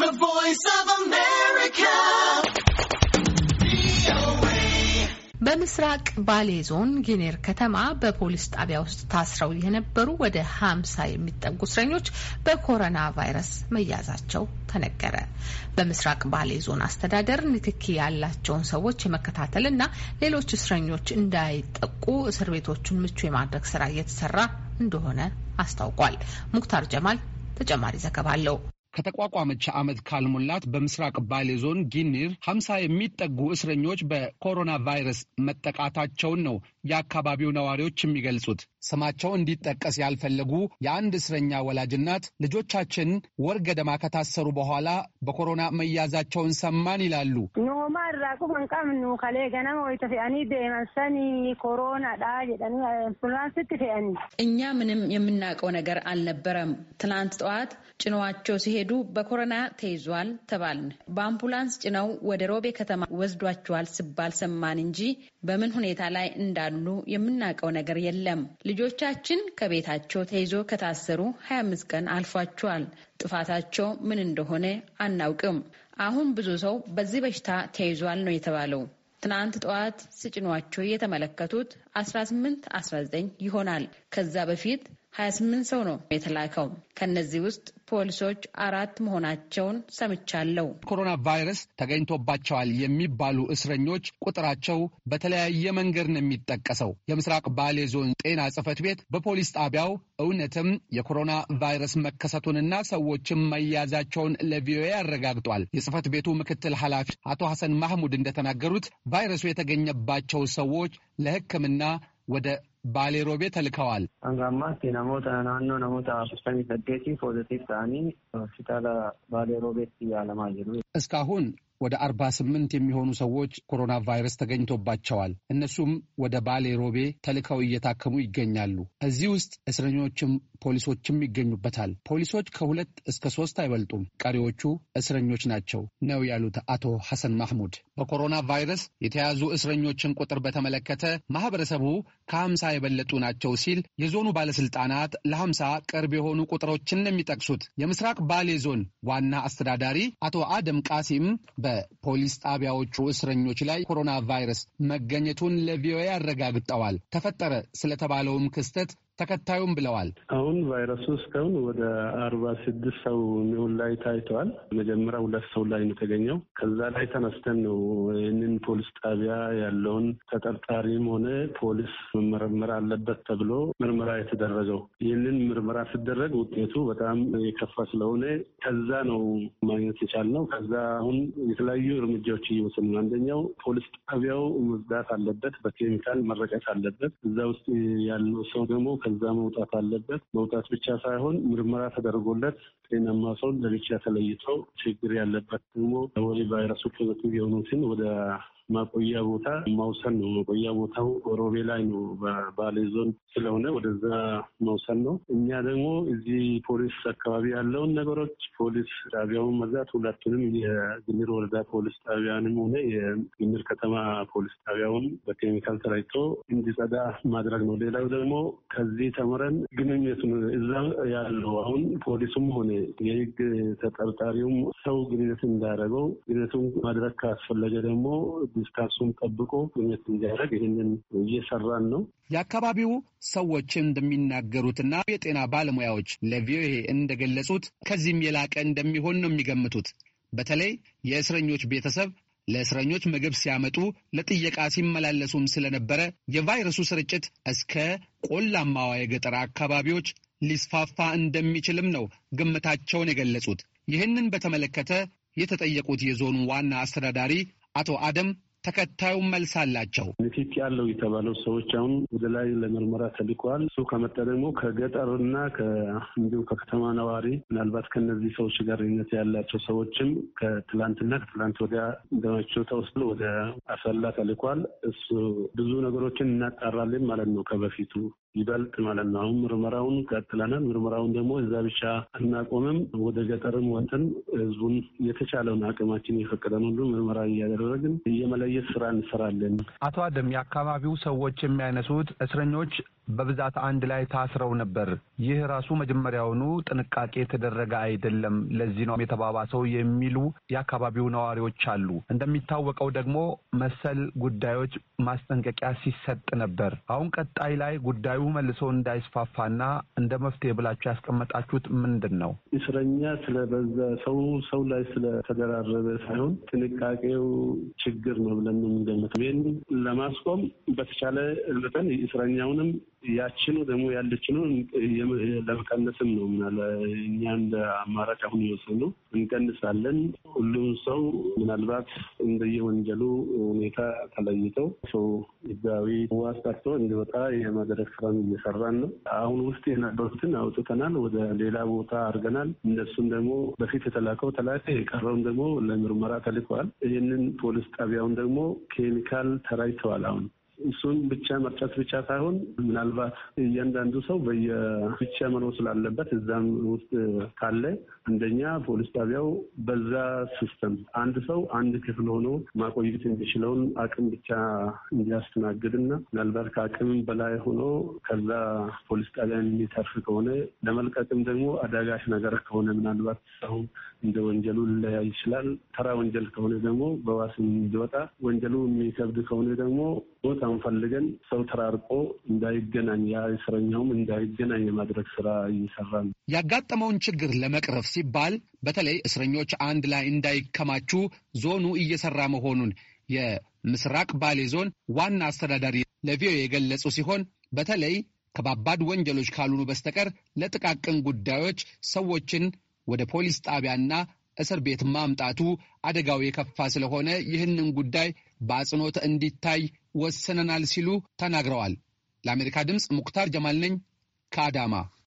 The Voice of America. በምስራቅ ባሌ ዞን ጊኔር ከተማ በፖሊስ ጣቢያ ውስጥ ታስረው የነበሩ ወደ ሀምሳ የሚጠጉ እስረኞች በኮሮና ቫይረስ መያዛቸው ተነገረ። በምስራቅ ባሌ ዞን አስተዳደር ንክኪ ያላቸውን ሰዎች የመከታተል እና ሌሎች እስረኞች እንዳይጠቁ እስር ቤቶቹን ምቹ የማድረግ ስራ እየተሰራ እንደሆነ አስታውቋል። ሙክታር ጀማል ተጨማሪ ዘገባ አለው። ከተቋቋመች ዓመት ካልሞላት በምስራቅ ባሌ ዞን ጊኒር ሀምሳ የሚጠጉ እስረኞች በኮሮና ቫይረስ መጠቃታቸውን ነው የአካባቢው ነዋሪዎች የሚገልጹት። ስማቸው እንዲጠቀስ ያልፈለጉ የአንድ እስረኛ ወላጅ እናት ልጆቻችን ወር ገደማ ከታሰሩ በኋላ በኮሮና መያዛቸውን ሰማን ይላሉ። እኛ ምንም የምናውቀው ነገር አልነበረም። ትናንት ጠዋት ጭኗቸው ሲሄ እየሄዱ በኮሮና ተይዟል ተባልን። በአምቡላንስ ጭነው ወደ ሮቤ ከተማ ወስዷቸዋል ስባል ሰማን እንጂ በምን ሁኔታ ላይ እንዳሉ የምናውቀው ነገር የለም። ልጆቻችን ከቤታቸው ተይዞ ከታሰሩ 25 ቀን አልፏቸዋል። ጥፋታቸው ምን እንደሆነ አናውቅም። አሁን ብዙ ሰው በዚህ በሽታ ተይዟል ነው የተባለው። ትናንት ጠዋት ስጭኗቸው የተመለከቱት 18 19 ይሆናል። ከዛ በፊት 28 ሰው ነው የተላከው። ከነዚህ ውስጥ ፖሊሶች አራት መሆናቸውን ሰምቻለሁ። ኮሮና ቫይረስ ተገኝቶባቸዋል የሚባሉ እስረኞች ቁጥራቸው በተለያየ መንገድ ነው የሚጠቀሰው። የምስራቅ ባሌ ዞን ጤና ጽህፈት ቤት በፖሊስ ጣቢያው እውነትም የኮሮና ቫይረስ መከሰቱንና ሰዎችም መያዛቸውን ለቪኦኤ አረጋግጧል። የጽሕፈት ቤቱ ምክትል ኃላፊ አቶ ሐሰን ማህሙድ እንደተናገሩት ቫይረሱ የተገኘባቸው ሰዎች ለሕክምና ወደ ባሌሮቤ ተልከዋል። እስካሁን ወደ 48 የሚሆኑ ሰዎች ኮሮና ቫይረስ ተገኝቶባቸዋል። እነሱም ወደ ባሌ ሮቤ ተልከው እየታከሙ ይገኛሉ። እዚህ ውስጥ እስረኞችም ፖሊሶችም ይገኙበታል። ፖሊሶች ከሁለት እስከ ሶስት አይበልጡም። ቀሪዎቹ እስረኞች ናቸው ነው ያሉት አቶ ሐሰን ማህሙድ። በኮሮና ቫይረስ የተያዙ እስረኞችን ቁጥር በተመለከተ ማህበረሰቡ ከሀምሳ የበለጡ ናቸው ሲል የዞኑ ባለስልጣናት ለሀምሳ ቅርብ የሆኑ ቁጥሮችን የሚጠቅሱት የምስራቅ ባሌ ዞን ዋና አስተዳዳሪ አቶ አደም ቃሲም በ በፖሊስ ጣቢያዎቹ እስረኞች ላይ ኮሮና ቫይረስ መገኘቱን ለቪኦኤ አረጋግጠዋል። ተፈጠረ ስለተባለውም ክስተት ተከታዩም ብለዋል። አሁን ቫይረሱ እስካሁን ወደ አርባ ስድስት ሰው የሚሆን ላይ ታይተዋል። መጀመሪያ ሁለት ሰው ላይ ነው የተገኘው። ከዛ ላይ ተነስተን ነው ይህንን ፖሊስ ጣቢያ ያለውን ተጠርጣሪም ሆነ ፖሊስ መመረመር አለበት ተብሎ ምርመራ የተደረገው። ይህንን ምርመራ ሲደረግ ውጤቱ በጣም የከፋ ስለሆነ ከዛ ነው ማግኘት የቻልነው። ከዛ አሁን የተለያዩ እርምጃዎች እየወሰዱ ነው። አንደኛው ፖሊስ ጣቢያው መዝጋት አለበት፣ በኬሚካል መረቀት አለበት። እዛ ውስጥ ያለው ሰው ደግሞ ከዛ መውጣት አለበት። መውጣት ብቻ ሳይሆን ምርመራ ተደርጎለት ጤናማ ሰው ለብቻ ተለይቶ ችግር ያለበት ደግሞ ወደ ቫይረሱ ፖዘቲቭ የሆኑትን ወደ ማቆያ ቦታ ማውሰን ነው። ማቆያ ቦታው ኦሮቤ ላይ ነው፣ በባሌ ዞን ስለሆነ ወደዛ ማውሰን ነው። እኛ ደግሞ እዚህ ፖሊስ አካባቢ ያለውን ነገሮች ፖሊስ ጣቢያውን መዛት፣ ሁለቱንም የግምር ወረዳ ፖሊስ ጣቢያንም ሆነ የግምር ከተማ ፖሊስ ጣቢያውን በኬሚካል ተረጭቶ እንዲጸዳ ማድረግ ነው። ሌላው ደግሞ ከዚህ እዚህ ተምረን ግንኙነት እዛ ያለው አሁን ፖሊሱም ሆነ የህግ ተጠርጣሪውም ሰው ግንኙነት እንዳደረገው ግንኙነቱን ማድረግ ካስፈለገ ደግሞ ዲስታንሱን ጠብቆ ግንኙነት እንዲያደረግ ይህንን እየሰራን ነው። የአካባቢው ሰዎች እንደሚናገሩትና የጤና ባለሙያዎች ለቪኦኤ እንደገለጹት ከዚህም የላቀ እንደሚሆን ነው የሚገምቱት። በተለይ የእስረኞች ቤተሰብ ለእስረኞች ምግብ ሲያመጡ ለጥየቃ ሲመላለሱም ስለነበረ የቫይረሱ ስርጭት እስከ ቆላማዋ የገጠር አካባቢዎች ሊስፋፋ እንደሚችልም ነው ግምታቸውን የገለጹት። ይህንን በተመለከተ የተጠየቁት የዞኑ ዋና አስተዳዳሪ አቶ አደም ተከታዩን መልስ አላቸው። ንፊት ያለው የተባለው ሰዎች አሁን ወደ ላይ ለምርመራ ተልከዋል። እሱ ከመጣ ደግሞ ከገጠርና እንዲሁም ከከተማ ነዋሪ ምናልባት ከነዚህ ሰዎች ጋርነት ያላቸው ሰዎችም ከትላንትና ከትላንት ወዲያ ደማቸው ተወስዶ ወደ አሰላ ተልኳል። እሱ ብዙ ነገሮችን እናጣራለን ማለት ነው ከበፊቱ ይበልጥ ማለት ነው። አሁን ምርመራውን ቀጥለናል። ምርመራውን ደግሞ እዛ ብቻ እናቆምም። ወደ ገጠርም ወጥን ህዝቡን የተቻለውን አቅማችን የፈቀደን ሁሉ ምርመራ እያደረግን እየመለ የተለያየ ስራ እንሰራለን። አቶ አደም የአካባቢው ሰዎች የሚያነሱት እስረኞች በብዛት አንድ ላይ ታስረው ነበር። ይህ ራሱ መጀመሪያውኑ ጥንቃቄ የተደረገ አይደለም፣ ለዚህ ነው የተባባሰው የሚሉ የአካባቢው ነዋሪዎች አሉ። እንደሚታወቀው ደግሞ መሰል ጉዳዮች ማስጠንቀቂያ ሲሰጥ ነበር። አሁን ቀጣይ ላይ ጉዳዩ መልሶ እንዳይስፋፋና እንደ መፍትሄ ብላችሁ ያስቀመጣችሁት ምንድን ነው? እስረኛ ስለበዛ ሰው ሰው ላይ ስለተደራረበ ሳይሆን ጥንቃቄው ችግር ነው ብለን የምንገምተው ይህን ለማስቆም በተቻለ መጠን እስረኛውንም ያችን ደግሞ ያለችንን ለመቀነስም ነው ምናለ እኛ እንደ አማራጭ አሁን ነው እንቀንሳለን። ሁሉም ሰው ምናልባት እንደየወንጀሉ ሁኔታ ተለይተው ሰው ህጋዊ ዋስ እንዲወጣ የማድረግ ስራን እየሰራን ነው። አሁን ውስጥ የነበሩትን አውጥተናል፣ ወደ ሌላ ቦታ አድርገናል። እነሱም ደግሞ በፊት የተላከው ተላከ፣ የቀረውም ደግሞ ለምርመራ ተልከዋል። ይህንን ፖሊስ ጣቢያውን ደግሞ ኬሚካል ተራይተዋል አሁን እሱን ብቻ መርጨት ብቻ ሳይሆን ምናልባት እያንዳንዱ ሰው በየብቻ መኖ ስላለበት እዛም ውስጥ ካለ አንደኛ ፖሊስ ጣቢያው በዛ ሲስተም አንድ ሰው አንድ ክፍል ሆኖ ማቆየት የሚችለውን አቅም ብቻ እንዲያስተናግድና ምናልባት ከአቅም በላይ ሆኖ ከዛ ፖሊስ ጣቢያ የሚተርፍ ከሆነ ለመልቀቅም ደግሞ አዳጋሽ ነገር ከሆነ ምናልባት ሰው እንደ ወንጀሉ ሊለያይ ይችላል። ተራ ወንጀል ከሆነ ደግሞ በዋስ እንዲወጣ፣ ወንጀሉ የሚከብድ ከሆነ ደግሞ ቦታውን ፈልገን ሰው ተራርቆ እንዳይገናኝ ያ እስረኛውም እንዳይገናኝ የማድረግ ስራ እየሰራ ነው። ያጋጠመውን ችግር ለመቅረፍ ሲባል በተለይ እስረኞች አንድ ላይ እንዳይከማቹ ዞኑ እየሰራ መሆኑን የምስራቅ ባሌ ዞን ዋና አስተዳዳሪ ለቪኦኤ የገለጹ ሲሆን በተለይ ከባባድ ወንጀሎች ካልሆኑ በስተቀር ለጥቃቅን ጉዳዮች ሰዎችን ወደ ፖሊስ ጣቢያና እስር ቤት ማምጣቱ አደጋው የከፋ ስለሆነ ይህንን ጉዳይ በአጽንኦት እንዲታይ ወስነናል ሲሉ ተናግረዋል። ለአሜሪካ ድምፅ ሙክታር ጀማል ነኝ ከአዳማ